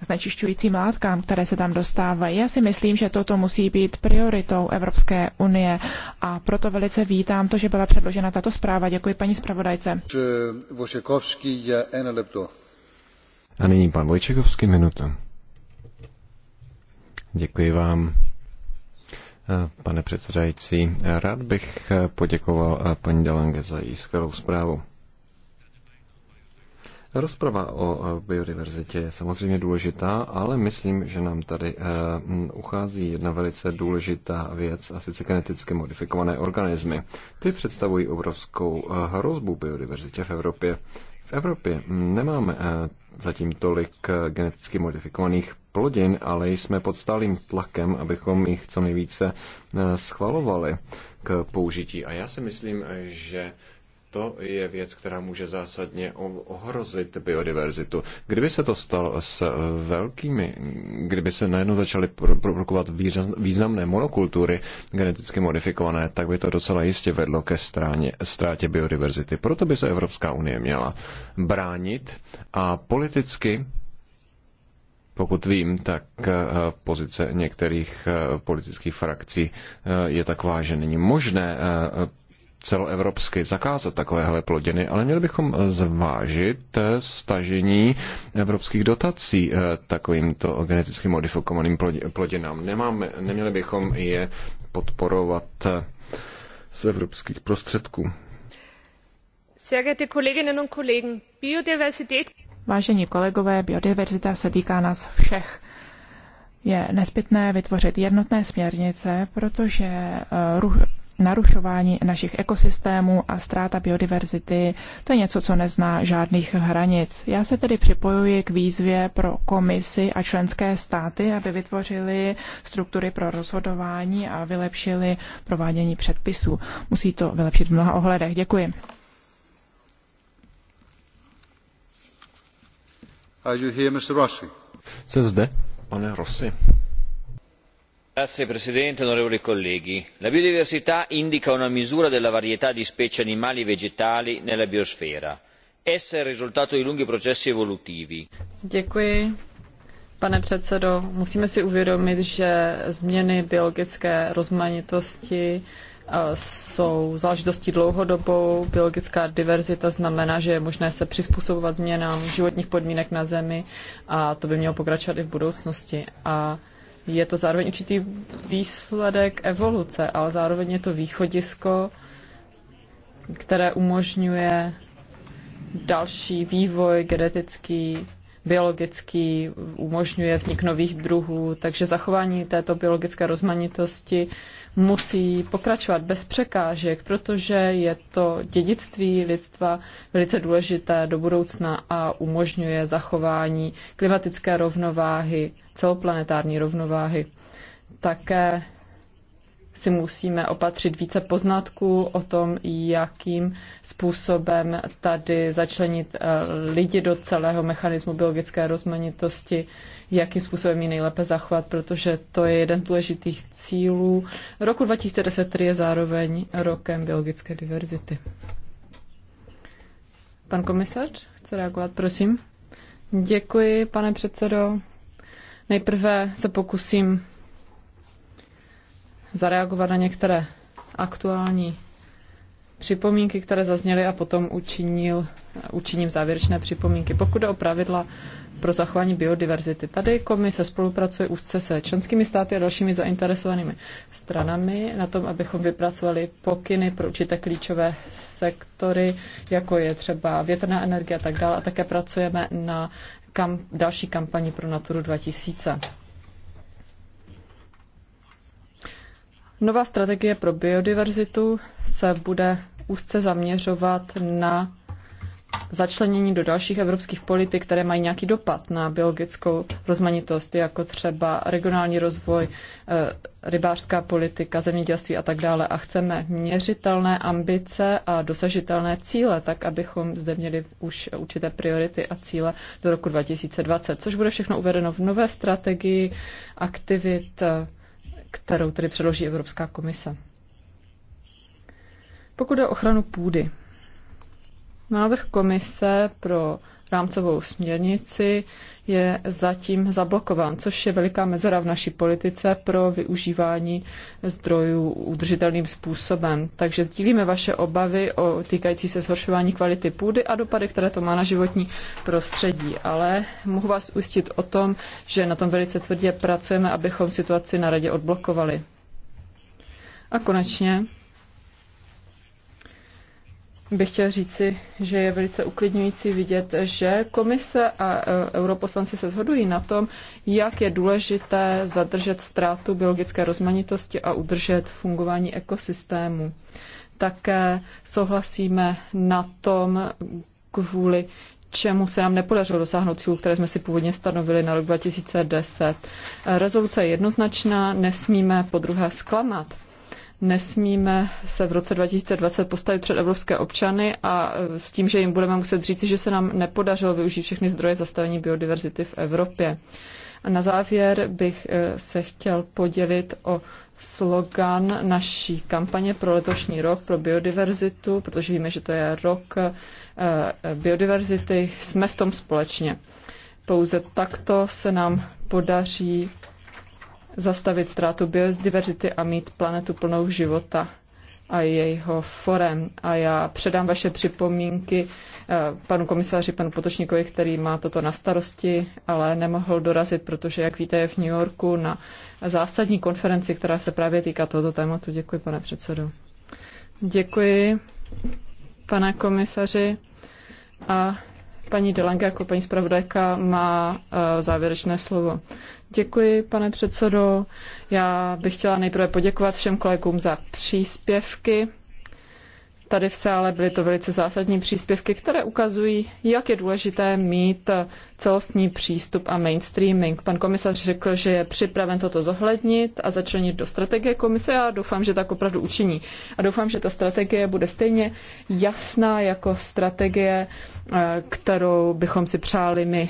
znečišťujícím látkám, které se tam dostávají. Já si myslím, že toto musí být prioritou Evropské unie a proto velice vítám to, že byla předložena tato zpráva. Děkuji paní zpravodajce. A nyní pan Vojčekovský minuta. Děkuji vám pane předsedající. Rád bych poděkoval paní Delange za její skvělou zprávu. Rozprava o biodiverzitě je samozřejmě důležitá, ale myslím, že nám tady eh, uchází jedna velice důležitá věc, a sice geneticky modifikované organismy. Ty představují obrovskou eh, hrozbu biodiverzitě v Evropě. V Evropě nemáme eh, zatím tolik eh, geneticky modifikovaných plodin, ale jsme pod stálým tlakem, abychom jich co nejvíce eh, schvalovali k použití. A já si myslím, že to je věc, která může zásadně ohrozit biodiverzitu. Kdyby se to stalo s eh, velkými, kdyby se najednou začaly produkovat významné monokultury geneticky modifikované, tak by to docela jistě vedlo ke stráně, ztrátě biodiverzity. Proto by se Evropská unie měla bránit a politicky pokud vím, tak eh, pozice některých eh, politických frakcí je taková, že není možné celoevropsky zakázat takovéhle plodiny, ale měli bychom zvážit stažení evropských dotací eh, takovýmto geneticky modifikovaným plodinám. Nemáme, neměli bychom je podporovat eh, z evropských prostředků. Vážení kolegové, biodiverzita se týká nás všech je nezbytné vytvořit jednotné směrnice, protože eh, narušování našich ekosystémů a ztráta biodiverzity, to je něco, co nezná žádných hranic. Já se tedy připojuji k výzvě pro komisi a členské státy, aby vytvořili struktury pro rozhodování a vylepšili provádění předpisů. Musí to vylepšit v mnoha ohledech. Děkuji. Are you here, Mr. Rossi? Jsem zde, pane Rossi signor presidente onorevoli colleghi la biodiversità indica una misura della varietà di specie animali e vegetali nella biosfera. essa è il risultato di lunghi processi evolutivi. Pane předsedo, musíme si uvědomit, že změny biologické rozmanitosti eh, jsou záležitostí dlouhodobou. Biologická diverzita znamená, že je možné se přizpůsobovat změnám životních podmínek na Zemi a to by mělo pokračovat i v budoucnosti. A je to zároveň určitý výsledek evoluce, ale zároveň je to východisko, které umožňuje další vývoj genetický, biologický, umožňuje vznik nových druhů, takže zachování této biologické rozmanitosti musí pokračovat bez překážek, protože je to dědictví lidstva velice důležité do budoucna a umožňuje zachování klimatické rovnováhy, celoplanetární rovnováhy. Také si musíme opatřit více poznatků o tom, jakým způsobem tady začlenit eh, lidi do celého mechanismu biologické rozmanitosti, jakým způsobem ji nejlépe zachovat, protože to je jeden z důležitých cílů roku 2010, který je zároveň rokem biologické diverzity. Pan komisař chce reagovat, prosím. Děkuji, pane předsedo. Nejprve se pokusím zareagovat na některé aktuální připomínky, které zazněly a potom učinil, učiním závěrečné připomínky. Pokud jde o pravidla pro zachování biodiverzity, tady komise spolupracuje úzce se členskými státy a dalšími zainteresovanými stranami na tom, abychom vypracovali pokyny pro určité klíčové sektory, jako je třeba větrná energie a tak dále. A také pracujeme na kam, další kampani pro Naturu 2000. Nová strategie pro biodiverzitu se bude úzce zaměřovat na začlenění do dalších evropských politik, které mají nějaký dopad na biologickou rozmanitost, jako třeba regionální rozvoj, eh, rybářská politika, zemědělství a tak dále. A chceme měřitelné ambice a dosažitelné cíle, tak abychom zde měli už určité priority a cíle do roku 2020, což bude všechno uvedeno v nové strategii aktivit eh, kterou tedy předloží Evropská komise. Pokud je ochranu půdy, návrh komise pro rámcovou směrnici je zatím zablokován, což je veliká mezera v naší politice pro využívání zdrojů udržitelným způsobem. Takže sdílíme vaše obavy o týkající se zhoršování kvality půdy a dopady, které to má na životní prostředí. Ale mohu vás ujistit o tom, že na tom velice tvrdě pracujeme, abychom situaci na radě odblokovali. A konečně bych chtěl říci, že je velice uklidňující vidět, že komise a e, europoslanci se shodují na tom, jak je důležité zadržet ztrátu biologické rozmanitosti a udržet fungování ekosystému. Také souhlasíme na tom, kvůli čemu se nám nepodařilo dosáhnout cílů, které jsme si původně stanovili na rok 2010. Rezoluce je jednoznačná, nesmíme po druhé zklamat. Nesmíme se v roce 2020 postavit před evropské občany a e, s tím, že jim budeme muset říci, že se nám nepodařilo využít všechny zdroje zastavení biodiverzity v Evropě. A na závěr bych e, se chtěl podělit o slogan naší kampaně pro letošní rok pro biodiverzitu, protože víme, že to je rok e, biodiverzity. Jsme v tom společně. Pouze takto se nám podaří zastavit ztrátu biodiverzity a mít planetu plnou života a jejího forem. A já předám vaše připomínky eh, panu komisaři, panu Potočníkovi, který má toto na starosti, ale nemohl dorazit, protože, jak víte, je v New Yorku na zásadní konferenci, která se právě týká tohoto tématu. Děkuji, pane předsedo. Děkuji, pane komisaři. A paní Delange jako paní zpravodajka má eh, závěrečné slovo. Děkuji, pane předsedo. Já bych chtěla nejprve poděkovat všem kolegům za příspěvky. Tady v sále byly to velice zásadní příspěvky, které ukazují, jak je důležité mít celostní přístup a mainstreaming. Pan komisař řekl, že je připraven toto zohlednit a začlenit do strategie komise a doufám, že tak opravdu učiní. A doufám, že ta strategie bude stejně jasná jako strategie, eh, kterou bychom si přáli my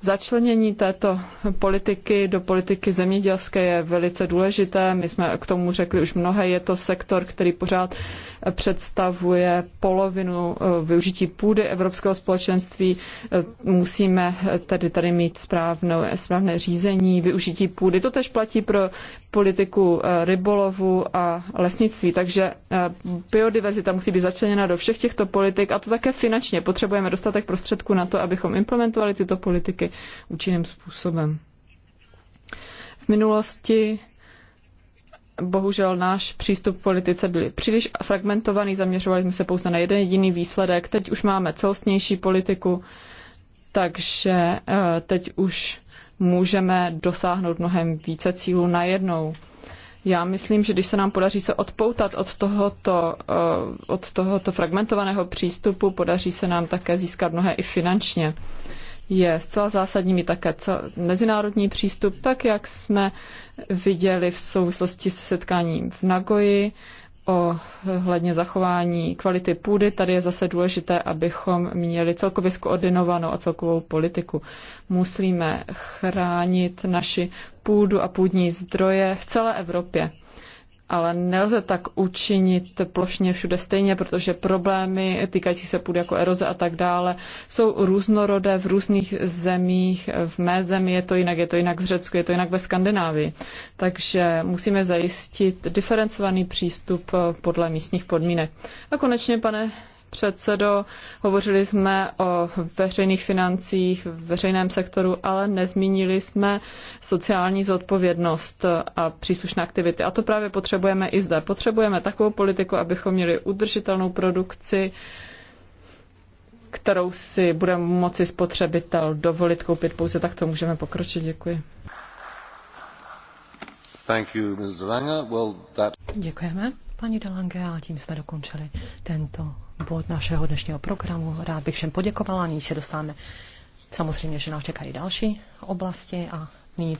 Začlenění této politiky do politiky zemědělské je velice důležité. My jsme k tomu řekli už mnohé. Je to sektor, který pořád představuje polovinu eh, využití půdy Evropského společenství. Eh, musíme tedy tady mít správné, správné řízení, využití půdy. To tež platí pro politiku eh, rybolovu a lesnictví. Takže eh, biodiverzita musí být začleněna do všech těchto politik a to také finančně. Potřebujeme dostatek prostředků na to, abychom implementovali tyto politiky účinným způsobem. V minulosti bohužel náš přístup k politice byl příliš fragmentovaný, zaměřovali jsme se pouze na jeden jediný výsledek. Teď už máme celostnější politiku, takže eh, teď už můžeme dosáhnout mnohem více cílů najednou. Já myslím, že když se nám podaří se odpoutat od tohoto, eh, od tohoto fragmentovaného přístupu, podaří se nám také získat mnohé i finančně. Je zcela zásadní mít také mezinárodní přístup, tak jak jsme viděli v souvislosti s setkáním v Nagoji, o hledně zachování kvality půdy, tady je zase důležité, abychom měli celkově skoordinovanou a celkovou politiku. Musíme chránit naši půdu a půdní zdroje v celé Evropě ale nelze tak učinit plošně všude stejně, protože problémy týkající se půdy jako eroze a tak dále jsou různorodé v různých zemích. V mé zemi je to jinak, je to jinak v Řecku, je to jinak ve Skandinávii. Takže musíme zajistit diferencovaný přístup podle místních podmínek. A konečně, pane předsedo. Hovořili jsme o veřejných financích, veřejném sektoru, ale nezmínili jsme sociální zodpovědnost a příslušné aktivity. A to právě potřebujeme i zde. Potřebujeme takovou politiku, abychom měli udržitelnou produkci, kterou si bude moci spotřebitel dovolit koupit pouze, tak to můžeme pokročit. Děkuji. Thank you, Ms. Well, that... Děkujeme, paní Delange, a tím jsme dokončili tento bod našeho dnešního programu. Rád bych všem poděkovala, nyní se dostáváme. Samozřejmě, že nás čekají další oblasti a